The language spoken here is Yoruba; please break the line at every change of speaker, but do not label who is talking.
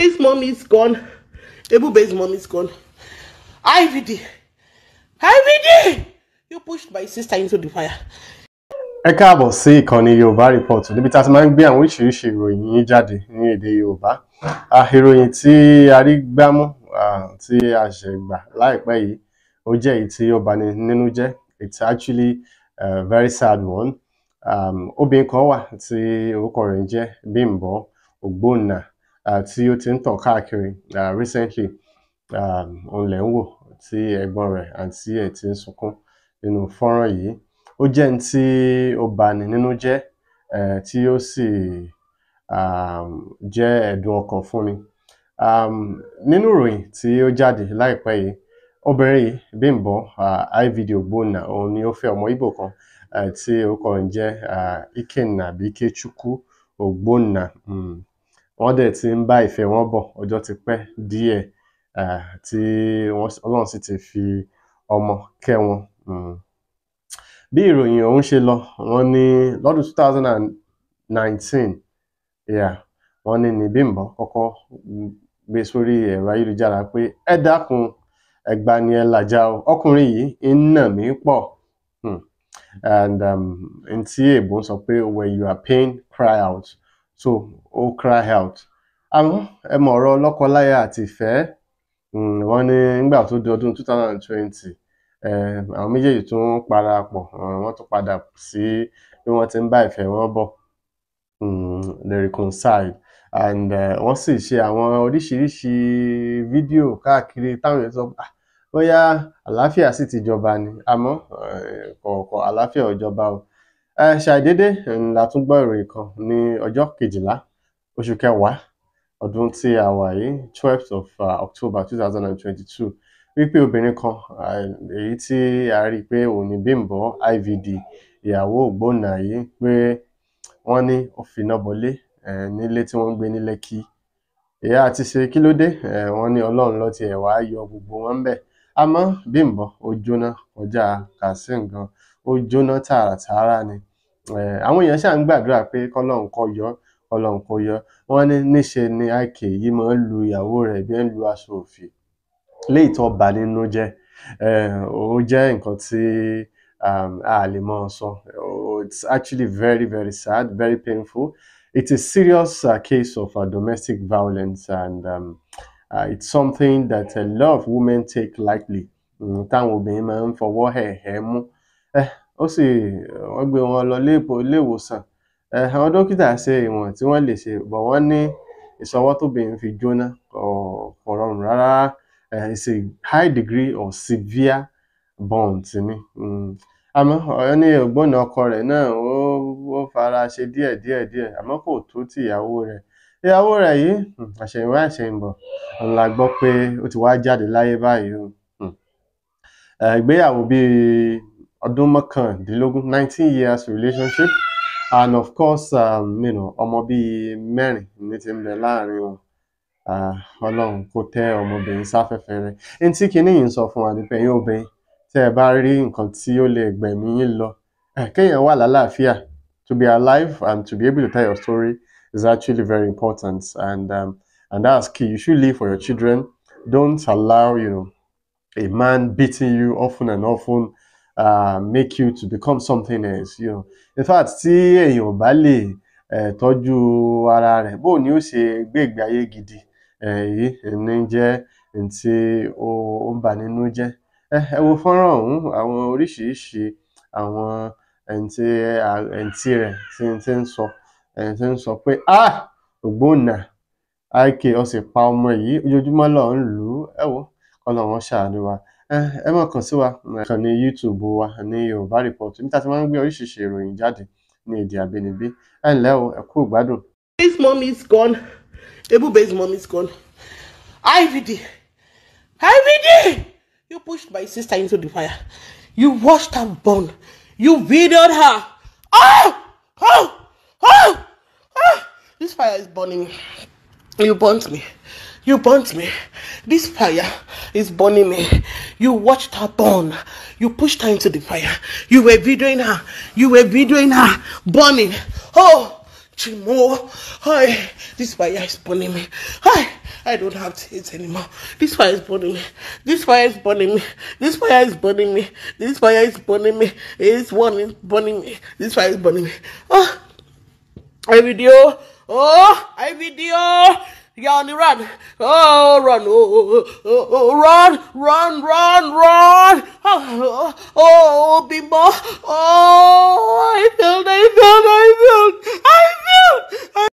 His mom is gone. Ebube's mom is gone. IVD. IVD! You pushed my sister into the fire.
Ẹ káàbọ̀ sí ìkànnì Yorùbá Report níbi tá a ti máa ń gbé àwọn oríṣiríṣi ìròyìn yín jáde ní èdè Yorùbá. Ìròyìn tí a rí gbámú tí a ṣẹ̀ gbà láìpẹ́ yìí ó jẹ́ èyí tí ó bani nínú jẹ́. It's actually a very sad one. Obìnrin kan wà tí orúkọ rẹ̀ ń jẹ́ Bímbọ́ Ògbónà tí ó ti ń tàn káàkiri recently òun lẹ̀ ń wò tí ẹ̀gbọ́n rẹ̀ àǹtí ẹ̀ ti ń sunkún nínú fọ́nrán yìí ó jẹ́ ní tí ó bani nínú jẹ́ tí ó sì jẹ́ ẹ̀dùn ọkàn fún mi nínú ìròyìn tí ó jáde láìpẹ́ yìí obìnrin yìí Bímbọ́ IVD Ogbonna òun ni ó fẹ́ ọmọ Ìgbò kan tí orúkọ rẹ̀ ń jẹ́ Ikenna àbí Ikechukwu Ogbonna. Hmm wọ́n dẹ̀ ti ń bá ìfẹ́ wọn bọ̀ ọjọ́ ti pẹ́ díẹ̀ tí Ọlọ́run sì ti fi ọmọ kẹ́ wọn. Hmm. bí ìròyìn ọ̀hún ṣe lọ wọ́n ní lọ́dún two thousand and nineteen wọ́n ní ní Bímbọ́ kọ́kọ́ gbé sórí ẹ̀rọ ayélujára pé ẹ dákun ẹgbà ni ẹ làjà o ọkùnrin yìí ń nà mí pọ̀ hmm. and um, n tí èèbó sọ pé when you are pain cry out so ó cry out àmọ́ ẹ mọ̀ ọ̀rọ̀ lọ́kọláya àti ìfẹ́ hmm, wọ́n ní nígbà tó di ọdún two thousand and twenty eh, àwọn méjèèjì tún parapọ̀ eh, wọ́n tún padà sí bí wọ́n ti ń bá ìfẹ́ wọn bọ̀ hmm, they reconcile and eh, wọ́n sì ṣe àwọn oríṣiríṣi fídíò káàkiri táwọn èèyàn sọ pé ah, bóyá àlàáfíà sì ti jọba ni àmọ́ kọ̀ọ̀kan àlàáfíà ò jọba o um ṣàìdédé um la tún gbọ́ ìròyìn kan ní ọjọ́ kejìlá oṣù kẹwàá ọdún tí a wà yìí twelfth of uh, October two thousand and twenty-two wípé obìnrin kan uh, èyí tí a rí i pé òun ni Bímbọ́ IVD ìyàwó Ògbónná yìí pé wọ́n ní ó finá bọlé um nílé tí wọ́n ń gbé ní Lẹ́kì ìyá àti ṣe kí ló dé um wọ́n ní Ọlọ́run ló tiẹ̀ wá yọ gbogbo wọn ńbẹ̀ àmọ́ Bímbọ́ ó jóná kọjá kà ó jóná tààràtààrà ni Eh, àwọn èèyàn ṣáà ń gbàdúrà pé kọ́lọ́run kó yọ kọ́lọ́run kó yọ wọ́n ní níṣe ni IK yìí máa ń lu ìyàwó rẹ̀ bí ẹ ń lu aṣọ òfì léyìí tó bà nínú jẹ́ òun eh, jẹ́ nǹkan tí um, a lè mọ sọ oh, it's actually very very sad very painful it's a serious uh, case of uh, domestic violence and um, uh, it's something that a lot of women take lightly hmm, táwọn obìnrin máa ń fọwọ́ hẹ̀hẹ́ mú. Eh, ó sì wọn gbé wọn lọ iléèwòsàn um àwọn dókítà ṣe ìwọn tí wọn lè ṣe but wọn ní ìsọwọ tóbìnrin fi jóná kò kò rọrùn rárá um high degree of severe burns ni um àmọ́ wọn ní ẹ̀gbọ́n ọkọ rẹ̀ náà ó ó fara ṣe díẹ̀ díẹ̀ díẹ̀ àmọ́ kò tó tìyàwó rẹ̀ ìyàwó rẹ̀ yìí um àṣẹ̀yìnwá àṣẹ̀yìnbọ̀ òun la gbọ́ pé ó ti wá jáde láyé báyìí o hmm. ìgbéyàwó bíi ọdún mọ́kàndínlógún nineteen years relationship and of course um, you know, ọmọ bíi mẹ́rin ní ti ń bẹ láàrin wọn ah, ọlọ́run kò tẹ ọmọbìnrin sáfẹ́fẹ́ rẹ̀ ní tí kinní yìí ń sọ fún wa ni pé ẹ̀yin obìnrin tẹ́ ẹ bá rí nǹkan tí ó lè gbẹ̀mí yín lọ kéèyàn wà lálàáfíà to be alive and to be able to tell your story is actually very important and um, and that's key you should live for your children don't allow you know, a man beating you often and often uh, make you to become something else you know in fact tí èèyàn ò bá lè eh, tọ́jú ara rẹ̀ bó ni ó ṣe gbé ìgbé ayé gidi èyí eh, ní jẹ́ tí ó ń bà nínú jẹ́ eh, ẹ wo fọ́nrán ọ̀hún àwọn oríṣiríṣi àwọn ẹ̀ǹtí ẹ̀ǹtí rẹ̀ tí ń ń sọ ẹ̀ǹtí ń sọ pé ah ògbóǹnà IK ó sì pa ọmọ yìí ojoojúmọ́ ló ń lù ú ẹ wo ọlọ́run ṣàánú wa Eh, ẹ máa kàn sí wa ìkànnì eh, YouTube wa ní Yorùbá Report níbi tá a ń gbé oríṣiríṣi ìròyìn jáde ní èdè
àbínibí ẹ ǹlẹ́ o ẹ kú ìgbádùn. This mom is gone. Ebu base, mom is gone. IVD. IVD! You pushed my sister into the fire. You watched her burn. You videoed her. Oh! Oh! Oh! Oh! This fire is burning You burnt me. You burnt me. This fire is burning me. You watched her burn. You pushed her into the fire. You were videoing her. You were videoing her burning. Oh, Chimo. Hi, this fire is burning me. Hi, I don't have tears anymore. This fire is burning me. This fire is burning me. This fire is burning me. This fire is burning me. This one is burning me. This fire is burning me. Oh, I video. Oh, I video. Y'all need run. Oh, run. Oh, oh, oh, run, run, run, run. Oh, oh, oh people. Oh, I felt, I felt, I felt, I felt. I